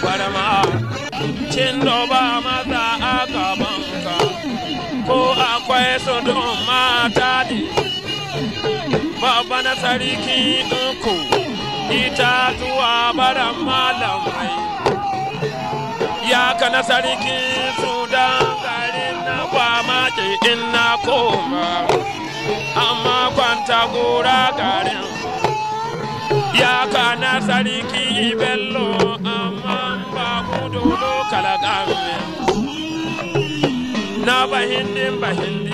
kwarma cin ba maza a gabanka ko akwai su don mata ne babba na sarki uku itatuwa baran lamai ya ka na sarki sudan garin na kwama ke in na koma amma kwanta gora garin ya ka na sarki bello amma no kala ba na bahindin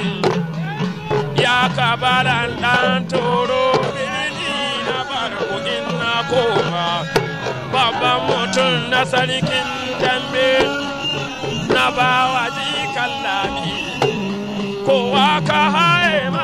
ya ka baran dan toro birni na bara na koma babban mutum na sarkin dambe na bawa ji kallami kowa ka haima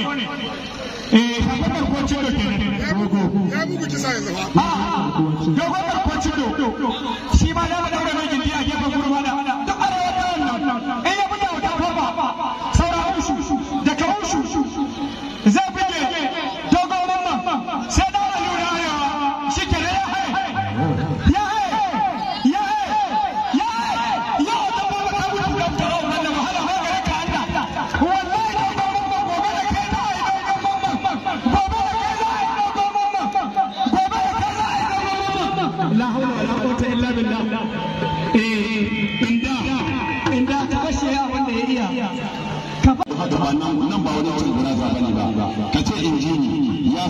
ne eh ya ba da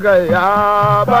gaya ba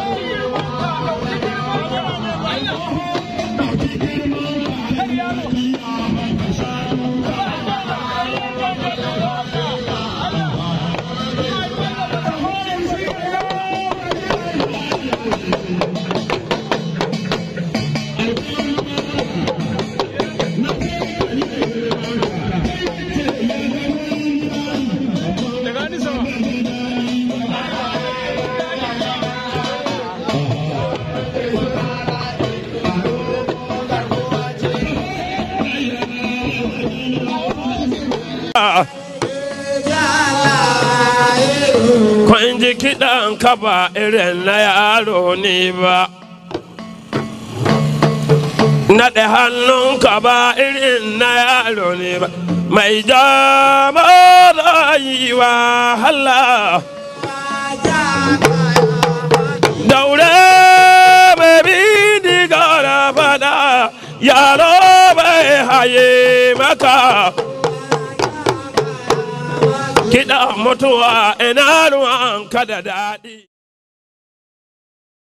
Kwan kiɗan kaba irin na yaro ne ba. naɗe ka ba irin na yaro ne ba mai jama rayuwa hala daure mai bi digara fada yaro bai haye maka kiɗa mutuwa ina ruwan ka da daɗi